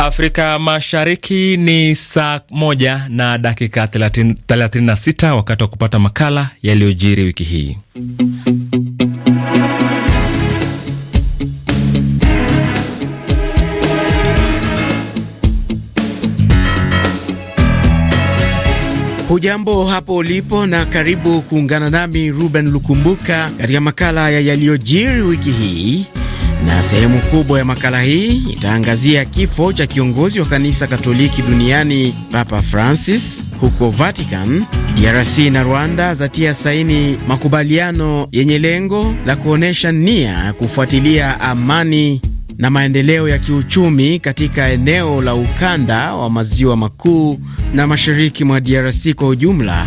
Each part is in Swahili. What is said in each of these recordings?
Afrika Mashariki ni saa moja na dakika 36, wakati wa kupata makala yaliyojiri wiki hii. Hujambo hapo ulipo na karibu kuungana nami Ruben Lukumbuka katika makala ya yaliyojiri wiki hii na sehemu kubwa ya makala hii itaangazia kifo cha kiongozi wa kanisa Katoliki duniani Papa Francis huko Vatican. DRC na Rwanda zatia saini makubaliano yenye lengo la kuonyesha nia kufuatilia amani na maendeleo ya kiuchumi katika eneo la ukanda wa maziwa makuu na mashariki mwa DRC kwa ujumla.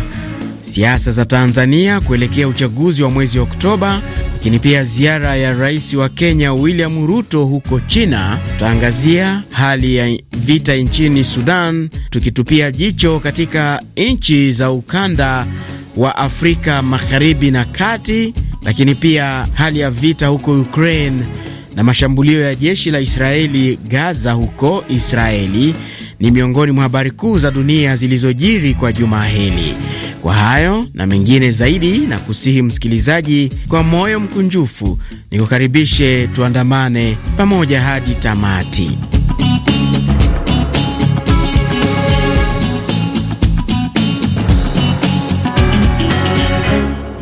Siasa za Tanzania kuelekea uchaguzi wa mwezi Oktoba lakini pia ziara ya rais wa Kenya William Ruto huko China. Tutaangazia hali ya vita nchini Sudan, tukitupia jicho katika nchi za ukanda wa Afrika magharibi na kati, lakini pia hali ya vita huko Ukraine na mashambulio ya jeshi la Israeli Gaza huko Israeli ni miongoni mwa habari kuu za dunia zilizojiri kwa juma hili. Kwa hayo na mengine zaidi, na kusihi msikilizaji, kwa moyo mkunjufu nikukaribishe tuandamane pamoja hadi tamati.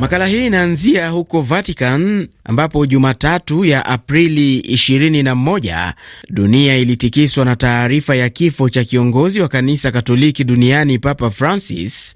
Makala hii inaanzia huko Vatican ambapo Jumatatu ya Aprili 21 dunia ilitikiswa na taarifa ya kifo cha kiongozi wa kanisa Katoliki duniani Papa Francis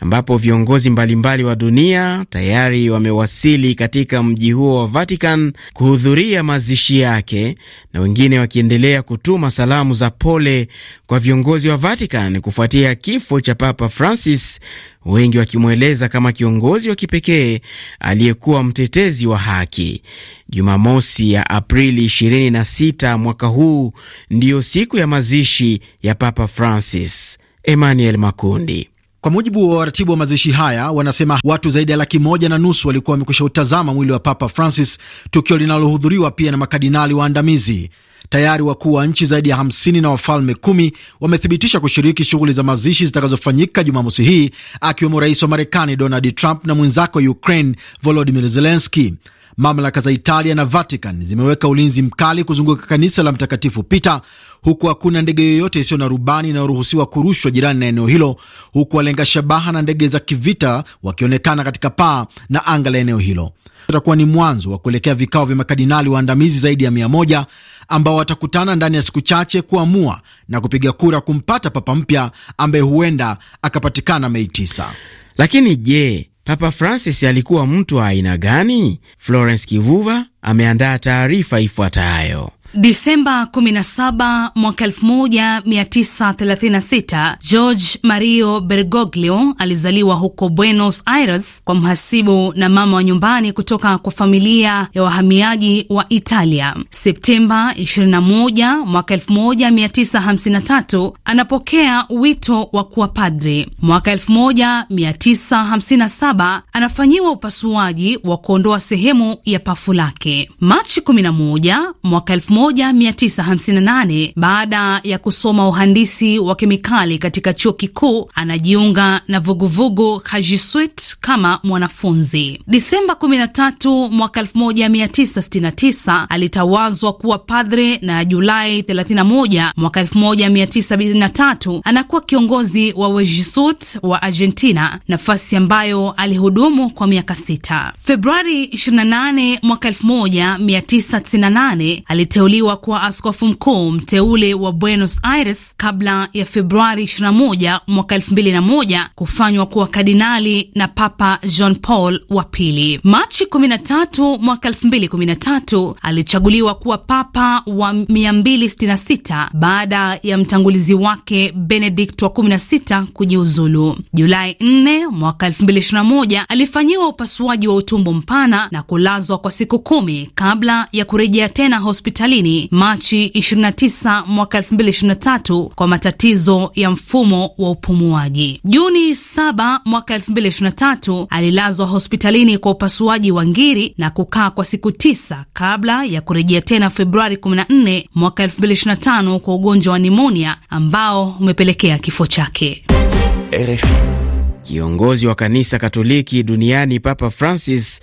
ambapo viongozi mbalimbali wa dunia tayari wamewasili katika mji huo wa Vatican kuhudhuria mazishi yake na wengine wakiendelea kutuma salamu za pole kwa viongozi wa Vatican kufuatia kifo cha Papa Francis, wengi wakimweleza kama kiongozi wa kipekee aliyekuwa mtetezi wa haki. Jumamosi ya Aprili 26 mwaka huu ndiyo siku ya mazishi ya Papa Francis. Emmanuel Makundi. Kwa mujibu wa waratibu wa mazishi haya, wanasema watu zaidi ya laki moja na nusu walikuwa wamekwisha utazama mwili wa Papa Francis, tukio linalohudhuriwa pia na makardinali waandamizi. Tayari wakuu wa nchi zaidi ya 50 na wafalme kumi wamethibitisha kushiriki shughuli za mazishi zitakazofanyika Jumamosi hii, akiwemo rais wa Marekani Donald Trump na mwenzako wa Ukraine Volodimir Zelenski. Mamlaka za Italia na Vatican zimeweka ulinzi mkali kuzunguka kanisa la Mtakatifu Peter huku hakuna ndege yoyote isiyo na rubani inayoruhusiwa kurushwa jirani na eneo hilo, huku walenga shabaha na ndege za kivita wakionekana katika paa na anga la eneo hilo. Utakuwa ni mwanzo wa kuelekea vikao vya makadinali waandamizi zaidi ya mia moja ambao watakutana ndani ya siku chache kuamua na kupiga kura kumpata papa mpya ambaye huenda akapatikana Mei 9. Lakini je, Papa Francis alikuwa mtu wa aina gani? Florence Kivuva ameandaa taarifa ifuatayo. Disemba 17 mwaka 1936 George Mario Bergoglio alizaliwa huko Buenos Aires kwa mhasibu na mama wa nyumbani kutoka kwa familia ya wahamiaji wa Italia. Septemba 21 mwaka 1953 anapokea wito wa kuwa padri. Mwaka 1957 anafanyiwa upasuaji wa kuondoa sehemu ya pafu lake. Machi 11 mwaka 1958 baada ya kusoma uhandisi wa kemikali katika chuo kikuu, anajiunga na vuguvugu Kajisuit kama mwanafunzi. Disemba 13 mwaka 1969 alitawazwa kuwa padre na Julai 31 mwaka 1973 anakuwa kiongozi wa Wejisut wa Argentina, nafasi ambayo alihudumu kwa miaka sita. Februari 28 mwaka 1998 aliteuliwa kuteuliwa kuwa askofu mkuu mteule wa Buenos Aires kabla ya Februari 21 mwaka 2001 kufanywa kuwa kardinali na Papa John Paul wa pili. Machi 13 mwaka 2013 alichaguliwa kuwa papa wa 266 baada ya mtangulizi wake benedikt wa 16 kujiuzulu. Julai 4 mwaka 2021 alifanyiwa upasuaji wa utumbo mpana na kulazwa kwa siku kumi kabla ya kurejea tena hospitali Kusini Machi 29 mwaka 2023 kwa matatizo ya mfumo wa upumuaji. Juni 7 mwaka 2023 alilazwa hospitalini kwa upasuaji wa ngiri na kukaa kwa siku tisa kabla ya kurejea tena Februari 14 mwaka 2025 kwa ugonjwa wa nimonia ambao umepelekea kifo chake. RFI. Kiongozi wa kanisa Katoliki duniani Papa Francis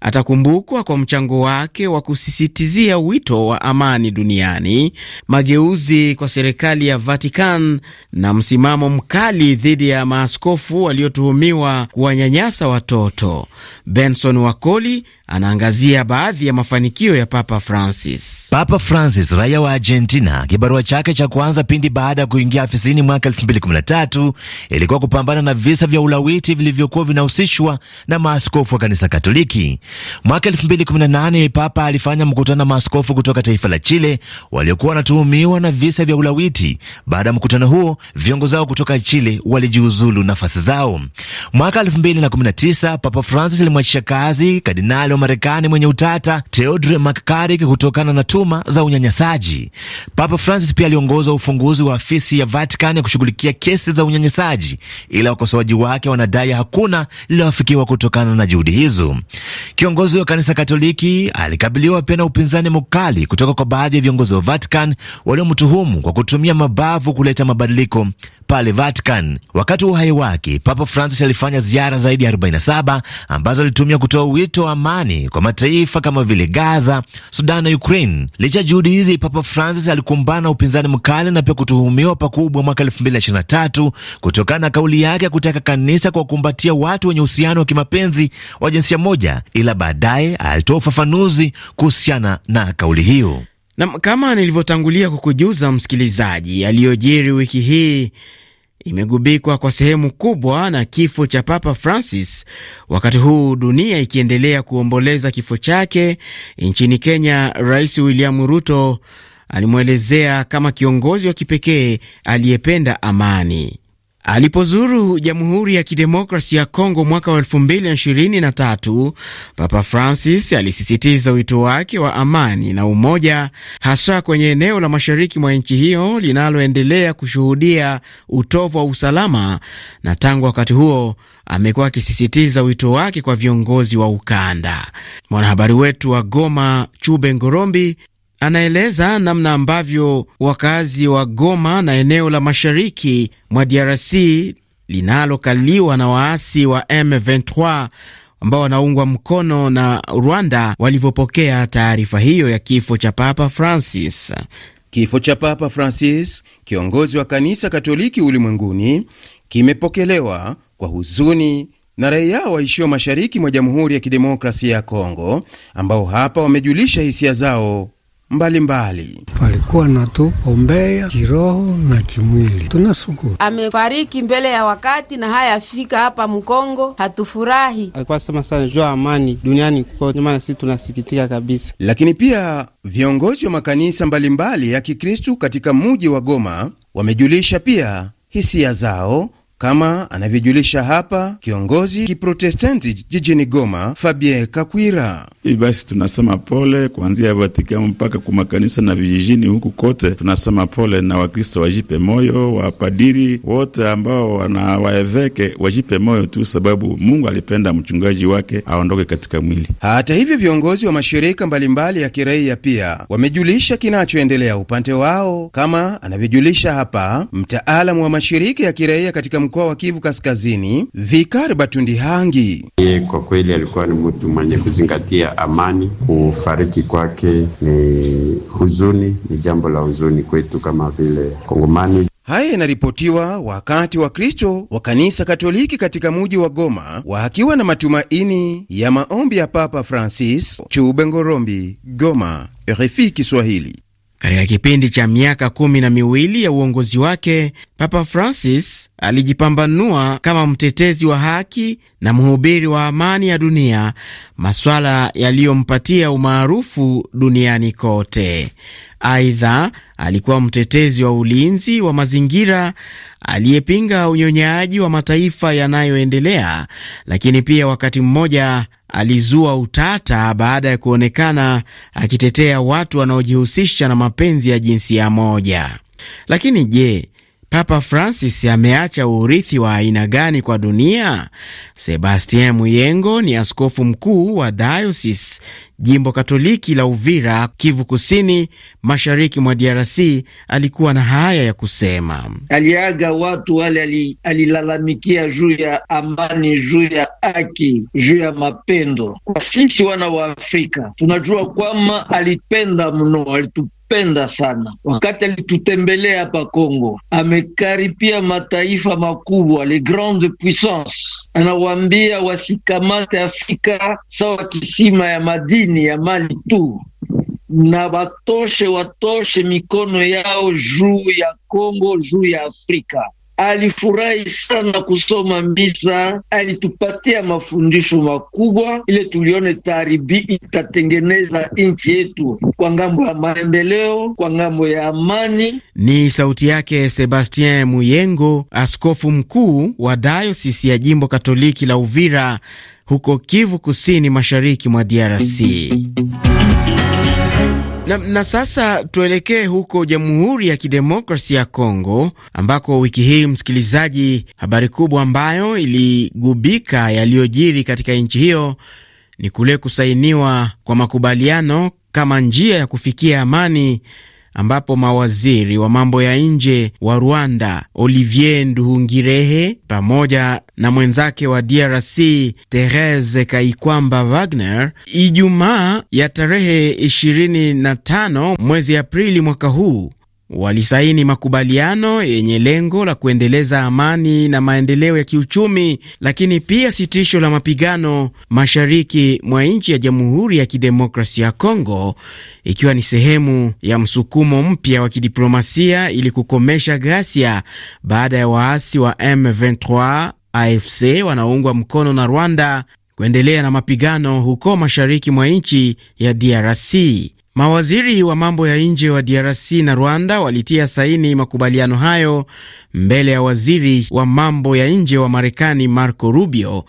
atakumbukwa kwa mchango wake wa kusisitizia wito wa amani duniani, mageuzi kwa serikali ya Vatican na msimamo mkali dhidi ya maaskofu waliotuhumiwa kuwanyanyasa watoto. Benson Wakoli anaangazia baadhi ya mafanikio ya Papa Francis. Papa Francis, raia wa Argentina, kibarua chake cha kwanza pindi baada ya kuingia afisini mwaka 2013 ilikuwa kupambana na visa vya ulawiti vilivyokuwa vinahusishwa na maaskofu wa kanisa Katoliki. Mwaka 2018 Papa alifanya mkutano na maaskofu kutoka taifa la Chile waliokuwa wanatuhumiwa na visa vya ulawiti. Baada ya mkutano huo, viongozi wao kutoka Chile walijiuzulu nafasi zao. Mwaka 2019 Papa Francis alimwachisha kazi Kardinali wa Marekani mwenye utata Teodre McCarrick kutokana na tuma za unyanyasaji. Papa Francis pia aliongoza ufunguzi wa afisi ya Vatican ya kushughulikia kesi za unyanyasaji, ila wakosoaji wake wanadai hakuna lililoafikiwa kutokana na juhudi hizo. Kiongozi wa kanisa Katoliki alikabiliwa pia na upinzani mkali kutoka kwa baadhi ya viongozi wa Vatican waliomtuhumu kwa kutumia mabavu kuleta mabadiliko pale Vatican. Wakati wa uhai wake, Papa Francis alifanya ziara zaidi ya 47 ambazo alitumia kutoa wito wa amani amani kwa mataifa kama vile Gaza, Sudan na Ukraine. Licha ya juhudi hizi, Papa Francis alikumbana upinzani mkali na pia kutuhumiwa pakubwa mwaka 2023 kutokana na kauli yake ya kutaka kanisa kuwakumbatia watu wenye uhusiano wa kimapenzi wa jinsia moja, ila baadaye alitoa ufafanuzi kuhusiana na kauli hiyo. Na kama nilivyotangulia kukujuza msikilizaji, aliyojiri wiki hii imegubikwa kwa sehemu kubwa na kifo cha Papa Francis, wakati huu dunia ikiendelea kuomboleza kifo chake. Nchini Kenya, Rais William Ruto alimwelezea kama kiongozi wa kipekee aliyependa amani. Alipozuru Jamhuri ya Kidemokrasi ya Kongo mwaka wa 223 Papa Francis alisisitiza wito wake wa amani na umoja, haswa kwenye eneo la mashariki mwa nchi hiyo linaloendelea kushuhudia utovu wa usalama, na tangu wakati huo amekuwa akisisitiza wito wake kwa viongozi wa ukanda. Mwanahabari wetu wa Goma, Chube Ngorombi, anaeleza namna ambavyo wakazi wa Goma na eneo la mashariki mwa DRC linalokaliwa na waasi wa M23 ambao wanaungwa mkono na Rwanda walivyopokea taarifa hiyo ya kifo cha Papa Francis. Kifo cha Papa Francis, kiongozi wa kanisa Katoliki ulimwenguni, kimepokelewa kwa huzuni na raia waishio mashariki mwa Jamhuri ya Kidemokrasia ya Kongo, ambao hapa wamejulisha hisia zao mbalimbali Walikuwa na kiroho na kimwili. Tunashukuru amefariki mbele ya wakati, na haya afika hapa Mkongo hatufurahi. Alikuwa sema sana jua amani duniani kote, maana sisi tunasikitika kabisa. Lakini pia viongozi wa makanisa mbalimbali ya Kikristu katika muji wa Goma wamejulisha pia hisia zao kama anavyojulisha hapa kiongozi kiprotestanti jijini Goma, Fabien Kakwira. Hivi eh, basi tunasema pole kuanzia Vatican mpaka kwa makanisa na vijijini huku kote, tunasema pole na Wakristo wajipe moyo, wapadiri wote ambao wanawaeveke wajipe moyo tu, sababu Mungu alipenda mchungaji wake aondoke katika mwili. Hata hivyo, viongozi wa mashirika mbalimbali ya kiraia pia wamejulisha kinachoendelea upande wao, kama anavyojulisha hapa mtaalamu wa mashirika ya kiraia katika mkoa wa Kivu Kaskazini, Vikar Batundihangi. Kwa kweli alikuwa ni mtu mwenye kuzingatia amani. Kufariki kwake ni huzuni, ni jambo la huzuni kwetu kama vile Kongomani. Haya yanaripotiwa wakati wa kristo wa kanisa Katoliki katika muji wa Goma wakiwa na matumaini ya maombi ya Papa Francis. Chube Ngorombi, Goma, RFI Kiswahili. Katika kipindi cha miaka kumi na miwili ya uongozi wake, Papa Francis alijipambanua kama mtetezi wa haki na mhubiri wa amani ya dunia, maswala yaliyompatia umaarufu duniani kote. Aidha, alikuwa mtetezi wa ulinzi wa mazingira aliyepinga unyonyaji wa mataifa yanayoendelea, lakini pia wakati mmoja alizua utata baada ya kuonekana akitetea watu wanaojihusisha na mapenzi ya jinsia moja. Lakini je, Papa Francis ameacha urithi wa aina gani kwa dunia? Sebastien Muyengo ni askofu mkuu wa dayosis jimbo katoliki la Uvira, Kivu Kusini, mashariki mwa DRC. Alikuwa na haya ya kusema. Aliaga watu wale, alilalamikia juu ya amani, juu ya haki, juu ya mapendo. Kwa sisi wana wa Afrika tunajua kwamba alipenda mno, alitu penda sana wakati alitutembelea hapa Kongo, amekaripia mataifa makubwa, les grandes puissances. Anawaambia wasikamate Afrika sawa kisima ya madini ya mali tu, na batoshe watoshe mikono yao juu ya Kongo, juu ya Afrika alifurahi sana kusoma misa, alitupatia mafundisho makubwa ile tulione taaribi itatengeneza nchi yetu kwa ngambo ya maendeleo, kwa ngambo ya amani. Ni sauti yake Sebastien Muyengo, askofu mkuu wa dayosisi ya jimbo Katoliki la Uvira huko Kivu Kusini, mashariki mwa DRC. Na, na sasa tuelekee huko Jamhuri ya kidemokrasi ya Kongo ambako wiki hii, msikilizaji, habari kubwa ambayo iligubika yaliyojiri katika nchi hiyo ni kule kusainiwa kwa makubaliano kama njia ya kufikia amani ambapo mawaziri wa mambo ya nje wa Rwanda Olivier Nduhungirehe pamoja na mwenzake wa DRC Therese Kaikwamba Wagner Ijumaa ya tarehe 25 mwezi Aprili mwaka huu walisaini makubaliano yenye lengo la kuendeleza amani na maendeleo ya kiuchumi, lakini pia sitisho la mapigano mashariki mwa nchi ya Jamhuri ya Kidemokrasia ya Kongo, ikiwa ni sehemu ya msukumo mpya wa kidiplomasia ili kukomesha ghasia baada ya waasi wa M23 AFC wanaoungwa mkono na Rwanda kuendelea na mapigano huko mashariki mwa nchi ya DRC. Mawaziri wa mambo ya nje wa DRC na Rwanda walitia saini makubaliano hayo mbele ya waziri wa mambo ya nje wa Marekani Marco Rubio,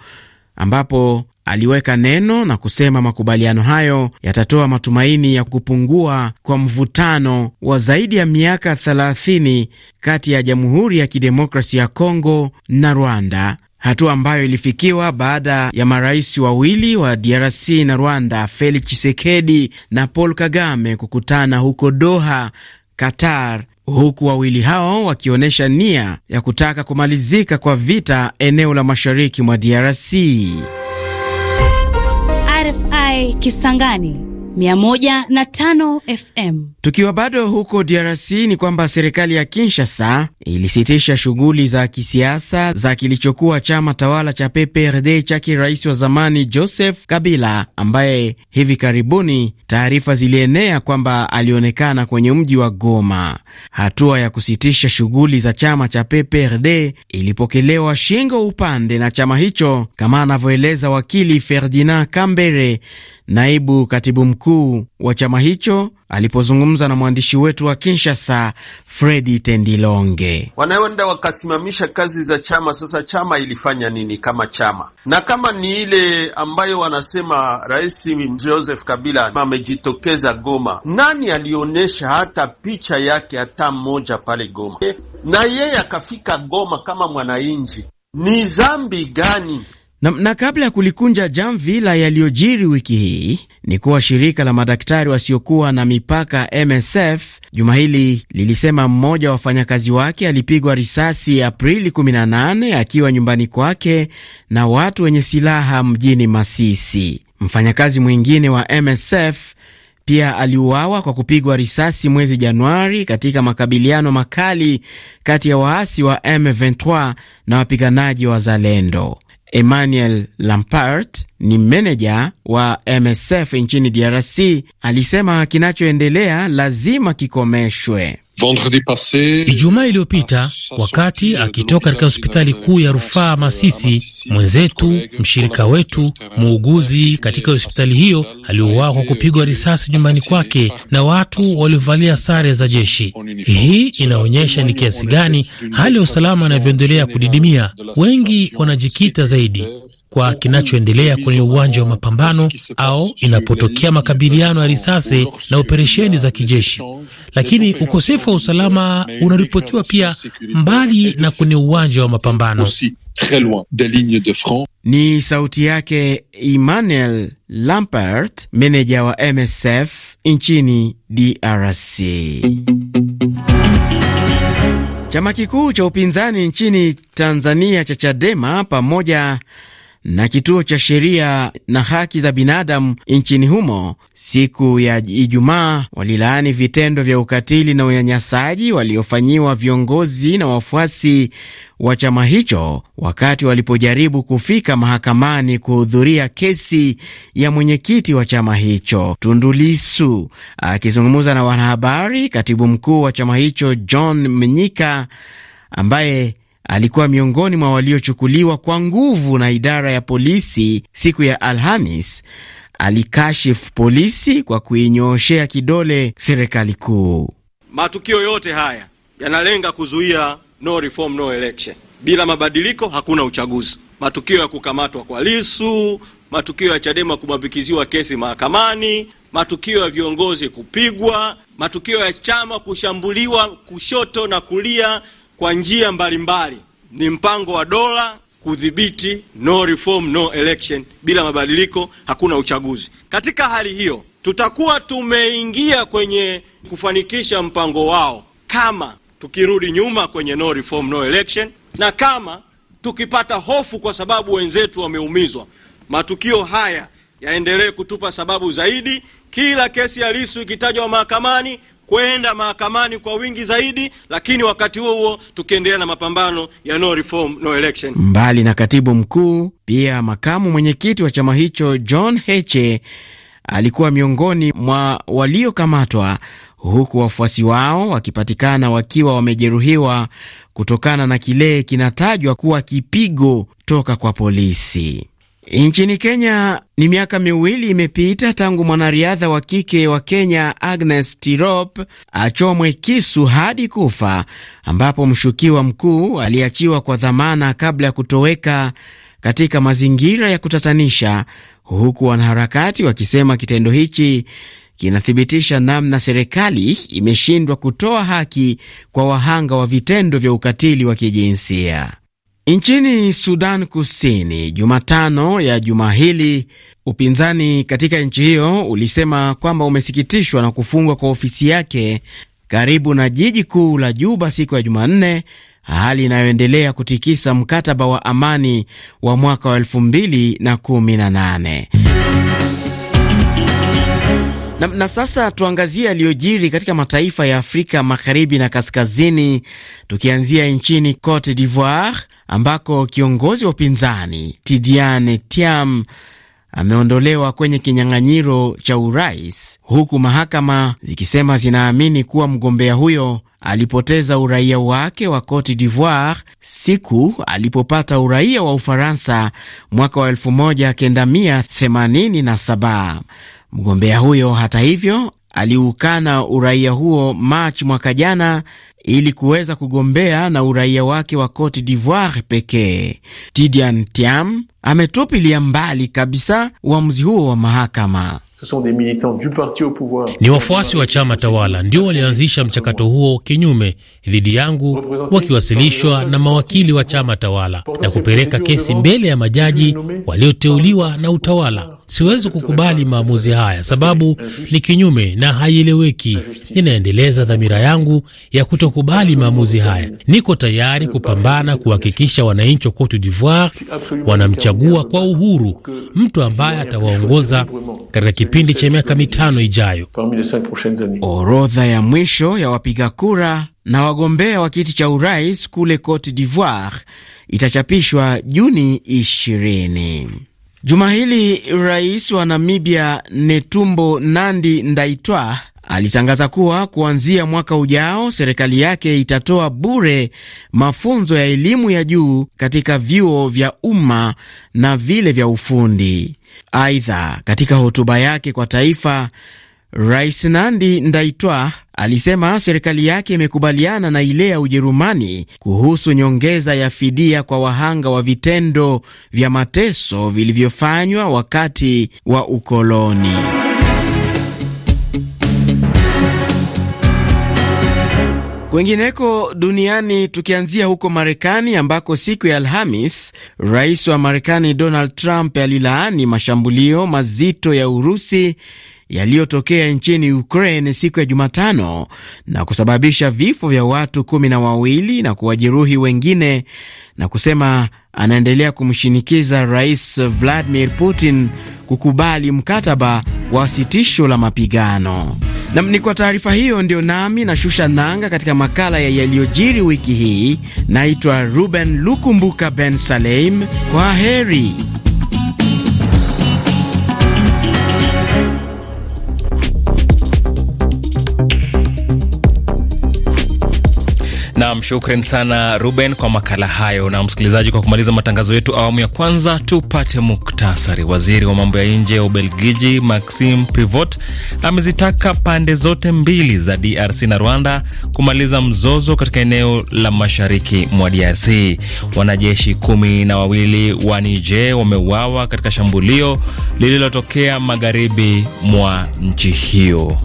ambapo aliweka neno na kusema makubaliano hayo yatatoa matumaini ya kupungua kwa mvutano wa zaidi ya miaka 30 kati ya Jamhuri ya Kidemokrasi ya Kongo na Rwanda hatua ambayo ilifikiwa baada ya marais wawili wa DRC na Rwanda, Felix Tshisekedi na Paul Kagame kukutana huko Doha, Qatar, huku wawili hao wakionyesha nia ya kutaka kumalizika kwa vita eneo la mashariki mwa DRC. RFI Kisangani 105 FM. Tukiwa bado huko DRC ni kwamba serikali ya Kinshasa ilisitisha shughuli za kisiasa za kilichokuwa chama tawala cha PPRD chake rais wa zamani Joseph Kabila ambaye hivi karibuni taarifa zilienea kwamba alionekana kwenye mji wa Goma. Hatua ya kusitisha shughuli za chama cha PPRD ilipokelewa shingo upande na chama hicho kama anavyoeleza wakili Ferdinand Kambere naibu katibu mkuu wa chama hicho alipozungumza na mwandishi wetu wa Kinshasa, Fredi Tendilonge. Wanaenda wakasimamisha kazi za chama. Sasa chama ilifanya nini kama chama? Na kama ni ile ambayo wanasema Rais Joseph Kabila amejitokeza Goma, nani alionyesha hata picha yake hata mmoja pale Goma? Na yeye akafika Goma kama mwananchi, ni dhambi gani na, na kabla ya kulikunja jamvi la yaliyojiri wiki hii ni kuwa shirika la madaktari wasiokuwa na mipaka MSF juma hili lilisema mmoja wa wafanyakazi wake alipigwa risasi Aprili 18 akiwa nyumbani kwake na watu wenye silaha mjini Masisi. Mfanyakazi mwingine wa MSF pia aliuawa kwa kupigwa risasi mwezi Januari katika makabiliano makali kati ya waasi wa M23 na wapiganaji wa Zalendo. Emmanuel Lampart ni meneja wa MSF nchini DRC, alisema kinachoendelea lazima kikomeshwe. Ijumaa iliyopita ah, wakati akitoka katika hospitali kuu ya rufaa Masisi, mwenzetu mshirika wetu muuguzi katika hospitali hiyo aliuawa kwa kupigwa risasi nyumbani kwake na watu waliovalia sare za jeshi. Hii inaonyesha ni kiasi gani hali ya usalama inavyoendelea kudidimia. Wengi wanajikita zaidi kwa kinachoendelea kwenye uwanja wa mapambano au inapotokea makabiliano ya risasi na operesheni za kijeshi. Lakini ukosefu wa usalama unaripotiwa pia mbali na kwenye uwanja wa mapambano. Ni sauti yake Emmanuel Lampert, meneja wa MSF nchini DRC. Chama kikuu cha upinzani nchini Tanzania cha Chadema pamoja na kituo cha sheria na haki za binadamu nchini humo siku ya Ijumaa walilaani vitendo vya ukatili na unyanyasaji waliofanyiwa viongozi na wafuasi wa chama hicho wakati walipojaribu kufika mahakamani kuhudhuria kesi ya mwenyekiti wa chama hicho tundulisu Akizungumza na wanahabari, katibu mkuu wa chama hicho John Mnyika ambaye alikuwa miongoni mwa waliochukuliwa kwa nguvu na idara ya polisi siku ya Alhamis. Alikashifu polisi kwa kuinyooshea kidole serikali kuu. Matukio yote haya yanalenga kuzuia no reform, no election. Bila mabadiliko hakuna uchaguzi. Matukio ya kukamatwa kwa Lisu, matukio ya Chadema kubambikiziwa kesi mahakamani, matukio ya viongozi kupigwa, matukio ya chama kushambuliwa kushoto na kulia kwa njia mbalimbali Ni mpango wa dola kudhibiti no reform no election, bila mabadiliko hakuna uchaguzi. Katika hali hiyo, tutakuwa tumeingia kwenye kufanikisha mpango wao kama tukirudi nyuma kwenye no reform no election, na kama tukipata hofu kwa sababu wenzetu wameumizwa. Matukio haya yaendelee kutupa sababu zaidi. Kila kesi ya Lissu ikitajwa mahakamani, kwenda mahakamani kwa wingi zaidi, lakini wakati huo huo tukiendelea na mapambano ya no reform, no election. Mbali na katibu mkuu, pia makamu mwenyekiti wa chama hicho John Heche alikuwa miongoni mwa waliokamatwa huku wafuasi wao wakipatikana wakiwa wamejeruhiwa kutokana na kile kinatajwa kuwa kipigo toka kwa polisi. Nchini Kenya ni miaka miwili imepita tangu mwanariadha wa kike wa Kenya Agnes Tirop achomwe kisu hadi kufa, ambapo mshukiwa mkuu aliachiwa kwa dhamana kabla ya kutoweka katika mazingira ya kutatanisha, huku wanaharakati wakisema kitendo hichi kinathibitisha namna serikali imeshindwa kutoa haki kwa wahanga wa vitendo vya ukatili wa kijinsia. Nchini Sudan Kusini, Jumatano ya juma hili, upinzani katika nchi hiyo ulisema kwamba umesikitishwa na kufungwa kwa ofisi yake karibu na jiji kuu la Juba siku ya Jumanne, hali inayoendelea kutikisa mkataba wa amani wa mwaka wa 2018. Na, na sasa tuangazie yaliyojiri katika mataifa ya Afrika magharibi na kaskazini, tukianzia nchini Cote d'Ivoire ambako kiongozi wa upinzani Tidiane Tiam ameondolewa kwenye kinyang'anyiro cha urais, huku mahakama zikisema zinaamini kuwa mgombea huyo alipoteza uraia wake wa Cote d'Ivoire siku alipopata uraia wa Ufaransa mwaka wa 1987. Mgombea huyo hata hivyo aliukana uraia huo Machi mwaka jana ili kuweza kugombea na uraia wake wa Cote d'Ivoire pekee. Tidian Tiam ametupilia mbali kabisa uamuzi huo wa mahakama. Ni wafuasi wa chama tawala ndio walianzisha mchakato huo kinyume dhidi yangu, wakiwasilishwa na mawakili wa chama tawala na kupeleka kesi mbele ya majaji walioteuliwa na utawala. Siwezi kukubali maamuzi haya, sababu ni kinyume na haieleweki. Ninaendeleza dhamira yangu ya kutokubali maamuzi haya. Niko tayari kupambana kuhakikisha wananchi wa Cote d'Ivoire wanamchagua kwa uhuru mtu ambaye atawaongoza katika kipindi cha miaka mitano ijayo. Orodha ya mwisho ya wapiga kura na wagombea wa kiti cha urais kule Cote d'Ivoire itachapishwa Juni 20. Juma hili rais wa Namibia Netumbo Nandi Ndaitwa alitangaza kuwa kuanzia mwaka ujao serikali yake itatoa bure mafunzo ya elimu ya juu katika vyuo vya umma na vile vya ufundi. Aidha, katika hotuba yake kwa taifa Rais Nandi Ndaitwa alisema serikali yake imekubaliana na ile ya Ujerumani kuhusu nyongeza ya fidia kwa wahanga wa vitendo vya mateso vilivyofanywa wakati wa ukoloni. Kwingineko duniani, tukianzia huko Marekani ambako siku ya Alhamis rais wa Marekani Donald Trump alilaani mashambulio mazito ya Urusi yaliyotokea nchini Ukraine siku ya Jumatano na kusababisha vifo vya watu kumi na wawili na kuwajeruhi wengine, na kusema anaendelea kumshinikiza Rais Vladimir Putin kukubali mkataba wa sitisho la mapigano. Na ni kwa taarifa hiyo ndio nami nashusha nanga katika makala ya yaliyojiri wiki hii. Naitwa Ruben Lukumbuka Ben saleim kwa heri. Nam, shukran sana Ruben kwa makala hayo. Na msikilizaji, kwa kumaliza matangazo yetu awamu ya kwanza, tupate muktasari. Waziri wa mambo ya nje ya Ubelgiji Maxim Privot amezitaka pande zote mbili za DRC na Rwanda kumaliza mzozo katika eneo la mashariki mwa DRC. Wanajeshi kumi na wawili wa Niger wameuawa katika shambulio lililotokea magharibi mwa nchi hiyo.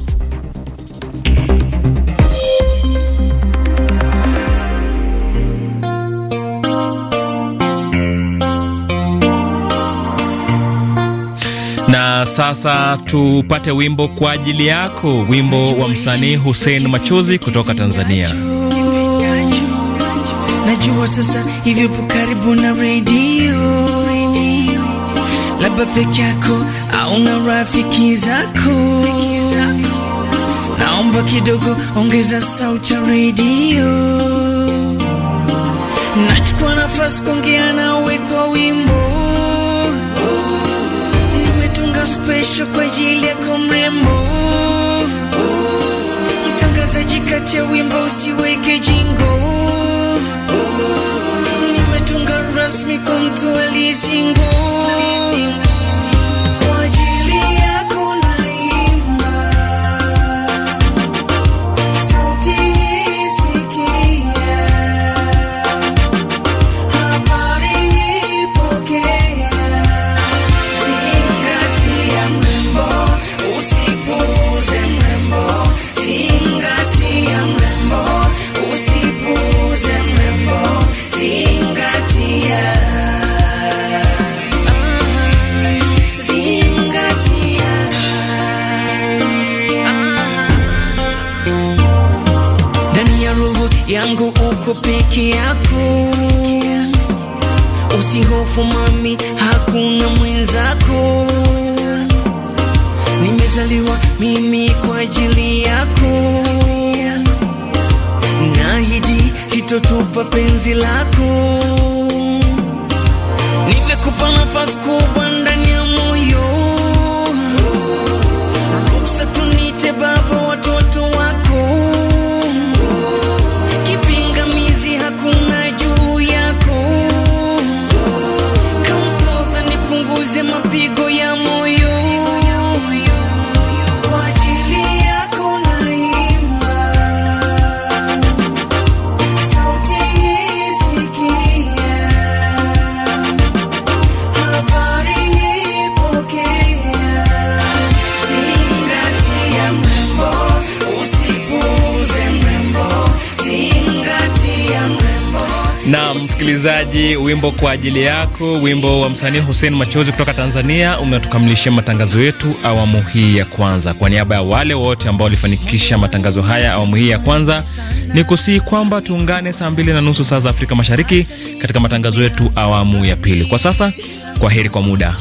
sasa tupate wimbo kwa ajili yako, wimbo wa msanii Hussein Machozi kutoka Tanzania. Najua sasa hivyopo karibu na redio, labda peke yako au na rafiki zako, naomba kidogo ongeza sauti redio. Nachukua nafasi kuongea nawe kwa wimbo special kwa ajili yako mrembo, mtangazaji kati ya wimbo usiweke jingo, nimetunga rasmi kwa mtu aliyesingo uko peke yako, usihofu mami, hakuna mwenzako. Nimezaliwa mimi kwa ajili yako, nahidi sitotupa penzi lako, nimekupa nafasi kubwa msikilizaji, wimbo kwa ajili yako, wimbo wa msanii Hussein Machozi kutoka Tanzania umetukamilishia matangazo yetu awamu hii ya kwanza. Kwa niaba ya wale wote ambao walifanikisha matangazo haya awamu hii ya kwanza, ni kusihi kwamba tuungane saa mbili na nusu saa za Afrika Mashariki katika matangazo yetu awamu ya pili. Kwa sasa, kwa heri kwa muda.